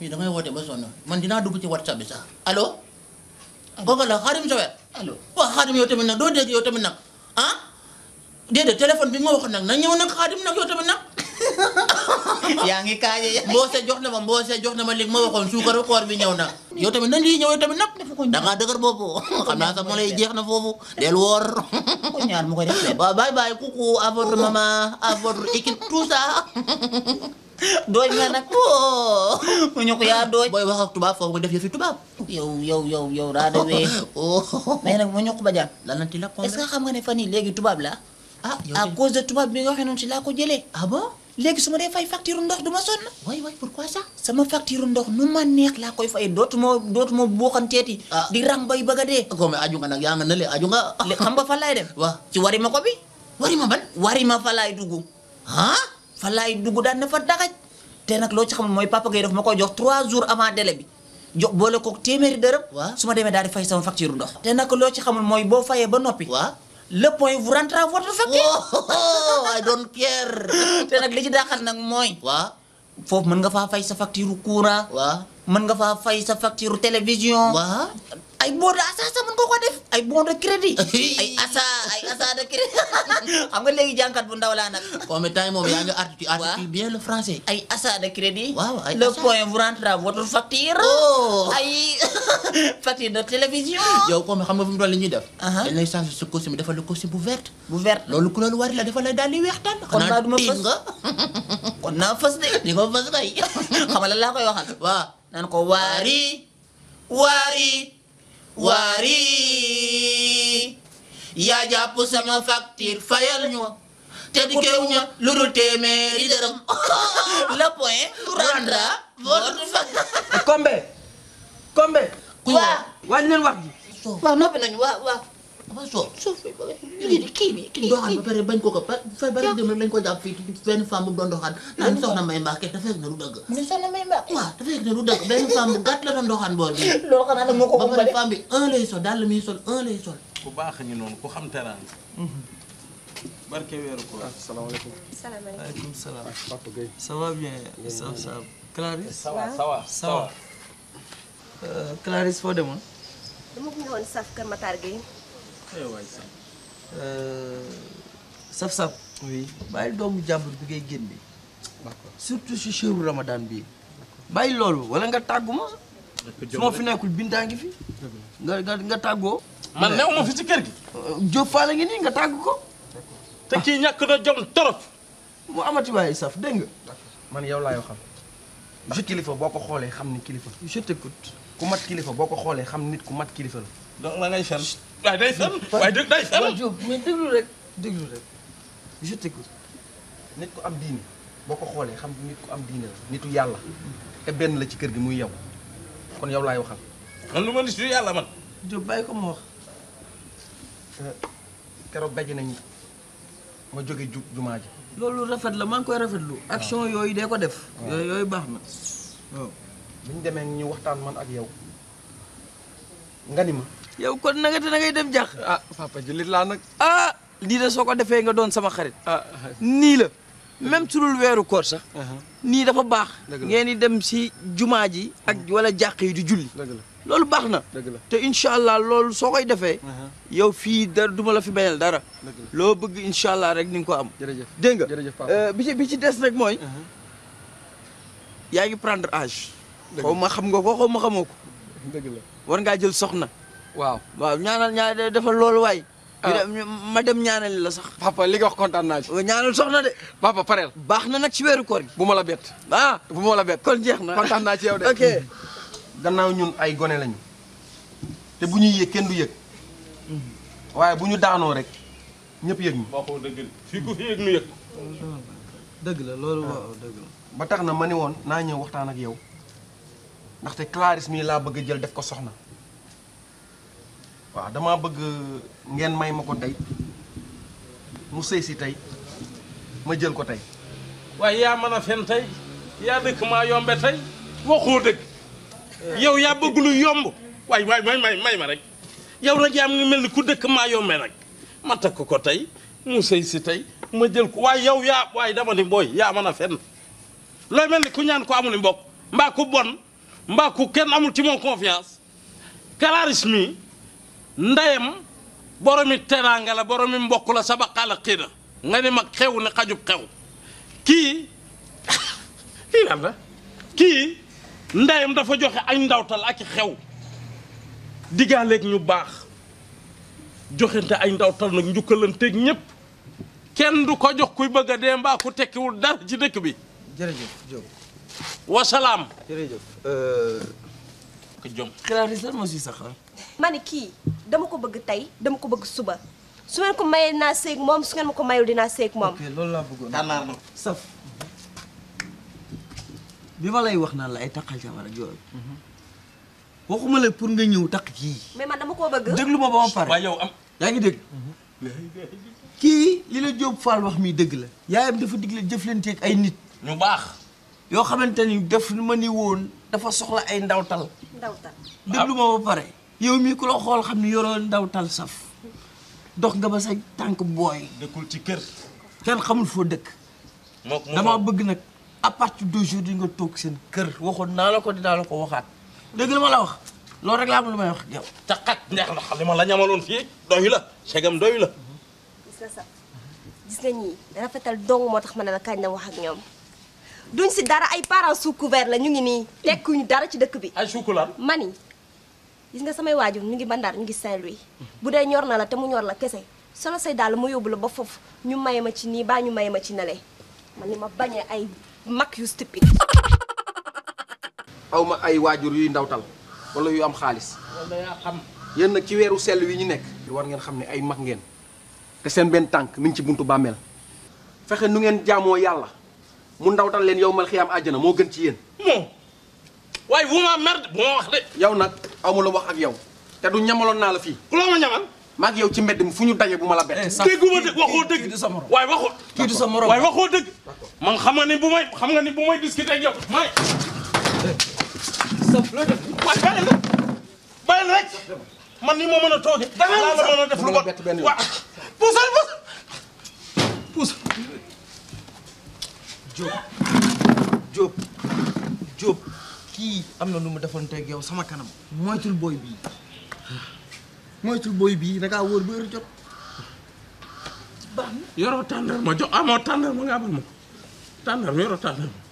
mi da ngay woote ba sonn man dinaa dugg ci whatsapp bi sax allo. kooku la xaarim Sowet. allo waaw xaarim yow tamit nag doo dégg yow tamit nag ah déedéet téléphone bi nga waxoon nag na ñëw nag xaarim nag yow tamit yaa ngi kaaje yaa mboose jox na ma mboose jox na ma li ma waxoon suukaru koor bi ñëw na yow tamit na lii ñëw tamit nag da ngaa dëgër boobu xam naa sax moo lay jeex na foofu del woor ko ñaar mu koy def waaw bye bye coucou à votre maman à votre équipe tout ça dooy nga nag oh mu ñu ko yaa dooy booy wax ak tubaab foofu nga def yëfi tubaab yow yow yow yow daa dawee oh. mais nag mu ñu ko ba jàpp lananti la est-ce que xam nga ne fan yii léegi tubaab la ah à cause de tubaab bi nga waxee noonu si laa ko jëlee ah bon léegi su ma dee fay facture ndox du ma sonn. waay waay pourquoi ça. sama facture ndox nu ma neex laa koy fay dootuma dootuma buuxanteeti. ah di rang bay bëgg a dee. comme aju nga nag yaa nga nële aju nga. xam nga fan laay dem. waaw ci wari ma ko bi. wari ma ban. wari ma fa laay dugg. ah fa laay dugg daan na fa dagaj. te nag loo ci xamul mooy papa gay ma koy jox 3 jours avant délai jox boole ko téeméeri dërëm. waaw su ma demee daal di fay sama facture ndox. te loo ci xamul mooy boo fayee ba noppi. waaw le point vous rentre à votre facture. Oh, oh, oh, I don't care. te nag li ci daaxal nag mooy. waaw foofu mën nga faa fay sa facture courant. waa mën nga faa fay sa facture télévision. ay bon de assa sax mën nga ko ay bon de crédit ay assa ay assa de crédit xam nga léegi bu ndaw laa nag. bon mais temps yii moom yaa ngi artu artu bien le français. ay assa de crédit. la ay assa le point vous facture. Oh. ay facture de télévision. yow comme xam nga fi mu toll nii uh-huh. la costume bu verte. bu verte loolu ku loolu wari la defal la duma fës nga la laa koy waxal. waaw naan ko waari waari. waari yaa jàpp sama facture fayal ñu te di kew ña lu dul téeméeri dërëm le point rendra votre kombe kombe waa wàññi leen wax ji noppi nañu waaw waaw dafa soof soof bi ba léegi kii bi kii doxaan ba pare bañ ko ko fa bari dem lañ ko jàpp fii benn femme bu doon doxaan naan soxna may mbaax kee dafa fekk ne du dëgg mu ne soxna may mbaax waaw dafa fekk ne du dëgg benn femme bu gàtt la doon doxaan boor bi loolu xanaa nag moo ko ba pare femme bi un lay sol daal la muy sol un lay sol ku baax ñu noonu ku xam teraan barke weeru ko asalaamaaleykum waaleykum salaam Papa Gueye ça va bien ça ça Clarisse ça va ça va ça va Clarisse foo demoon dama ko ñëwoon saf kër Matar Gueye Eh, euh, saf saf. oui bàyyi doomu jàmbur bi ngay génne. surtout si cheru Ramadan bii. bàyyi loolu wala nga tàggu ma. su ma fi nekkul bintaa ngi fi. nga nga nga tàggoo. man new ma fi ci kër gi. Euh, Diop Fall ngi nii nga tàgg ko. te ci ñàkk na jom torop. mu amati waaye saf dégg man yow laa yoo xam. je kilifa boo ko xoolee xam ni kilifa. je t'écoute. ku mat kilifa boo ko xoolee xam nit ku mat kilifa la. donc la ngay fen. waaye day fen waaye day fen. waaw Diop mais déglu rek déglu rek je t'écoute nit ku am diine boo ko xoolee xam nit ku am diine la. nitu yàlla te benn la ci kër gi muy yow kon yow laay waxal. man lu ma nitu yàlla man. Diop bàyyi ko mu wax. Euh, keroog daje nañ ma jóge ju jumaa ji. loolu rafet la maa ngi koy rafetlu. action ah. yooyu dee ko def. Ah. yooyu baax na bi ñu demee ñu waxtaan man ak yow nga ni ma. yow kon na nga te na ngay dem jàq. ah papa jullit laa nag. ah lii de soo ko defee nga doon sama xarit. Ah. nii la même su dul weeru koor sax. Ah. nii dafa baax. ngeen di dem si jumaa ji. ak mm. wala jàq yi di julli. loolu baax na. te incha allah loolu soo koy defee. Ah. yow fii dara du ma la fi bañal dara. loo bëgg incha allah rek ni nga ko am. jërëjëf dégg nga eh, bi ci bi ci des rek mooy. yaa ngi prendre age xaw ma xam nga ko xaw ma xamoo ko. dëgg la war ngaa jël soxna. waaw waaw ñaanal ñaanal defal loolu waay. Ah. ma dem ñaanal la sax. papa li wax kontaan naa ci. ñaanal soxna de. papa pareel. baax na nag ci weeru koor gi. bu ma la bett. ah bu ma la bett. kon na kontaan naa ci gannaaw ñun ay gone lañu te bu ñuy yëg kenn du yëg waaye bu ñu daanoo rek ñëpp yëg ñu. fi dëgg la loolu dëgg la. ba tax na ma ne woon naa ñëw waxtaan ak yow. ndaxte Clarisse mii laa bëgg jël def ko soxna waaw dama bëgg ngeen may ma ko tey mu sëy si tey ma jël ko tey waaye yaa mën a fen tey yaa yombe tey waxoo dëgg yomb waay waay may ma rek yow rek yaa mel ni ku dëkk maa yombe nag ma takk ko tey mu si tey ma jël ko waaye yow yaa waaye dama ni booy yaa mën a fen looy mel ni ku ñaan ko amul mbokk mbaa ku bon mbaa ku kenn amul ci moom confiance Kalaris mi ndeyam boromi teraanga la boromi mbokk la sabaqa la xiina nga ne mag xew ne xajub xew kii kii lan la ndeyam dafa joxe ay ndawtal ak xew diggaaleeg ñu baax joxente ay ndawtal nag njukkalanteeg ñépp kenn du ko jox kuy bëgg a dee mbaa ku tekkiwul dara ci dëkk bi jërëjëf Wassalam. jërëjëf. ko jom. Clarisse lan moo si sa ki? dama ko bëgg tey dama ko bëgg suba su ngeen ko mayee dinaa seeg moom su ngeen ma ko mayul dinaa seeg moom. ok loolu laa bëggoon. tànnaar na saf. bi ma lay wax naan la ay takkal jabar ak yooyu. waxuma la pour nga ñëw takk kii. mais man dama koo bëgg. déglu ma ba ma pare waaye yow am. yaa ngi dégg. li la Fall wax mi dëgg la. yaayam dafa digle jëflanteeg ay nit. ñu baax. yoo xamante ni def ma ni woon dafa soxla ay ndawtal. ndawtal lu ma ba pare. yow mii ku la xool xam ni yoroo ndawtal saf dox nga ba sa tànk booy. dëkkul ci kër. kenn xamul foo dëkk. dama bëgg nag à partir d'aujourd'hui nga toog seen kër waxoon naa la ko dinaa la ko waxaat. dégg la ma la wax loolu rek laa am lu may wax ak yow. caqat neex na li ma la ñamaloon fii doy la segam doy la. gis nga ñii rafetal dong moo tax ma ne la kañ na wax ak ñoom. duñ ci dara ay parents sous couvert la ñu ngi ni tekku ñu dara ci dëkk bi ay sukulan mani gis nga samay wajju ñu ngi bandar ñu ngi saint louis bu dé ñor na la té mu ñor la kessé solo say dal mu yobul ba foofu ñu mayema ci ni ba ñu mayema ci nalé man ni ma bañé ay mak yu stupid awma ma ay waajur yuy ndawtal wala yu am xaliss wala ya xam yeen nak ci wéru sel wi ñu nekk war ngeen xamni ay mak ngeen té sen ben tank mi ci buntu bamél fexé nu ngeen jamo yalla mu ndawtal leen yow mal xiyam àjjana moo gën ci yeen moom way bu ma mer bu wax de. yow amu lu wax ak yow te du ñamalon na la fi ku lo ma ñamal. maak yow ci mbedd mu fuñu dajé daje bu ma la bett. Eh, dégguma de waxo dëgg way waxo ki du sa morom way waxo dëgg. man xam ni bu may xam nga ni bu may discuter ak yow may. Eh, sa loo def waaye la rek man ni mo meuna a da ngay mën def lu bot waaw pousal Diop Diop kii am na lu mu defanteeg yow sama kanam moytul booy mooy moytul booy bii da ngaa wóor ba heure jot. baax na yoroo tàndar ma jox amoo tàndar ma nga amal ma tàndar yoroo tàndar ma.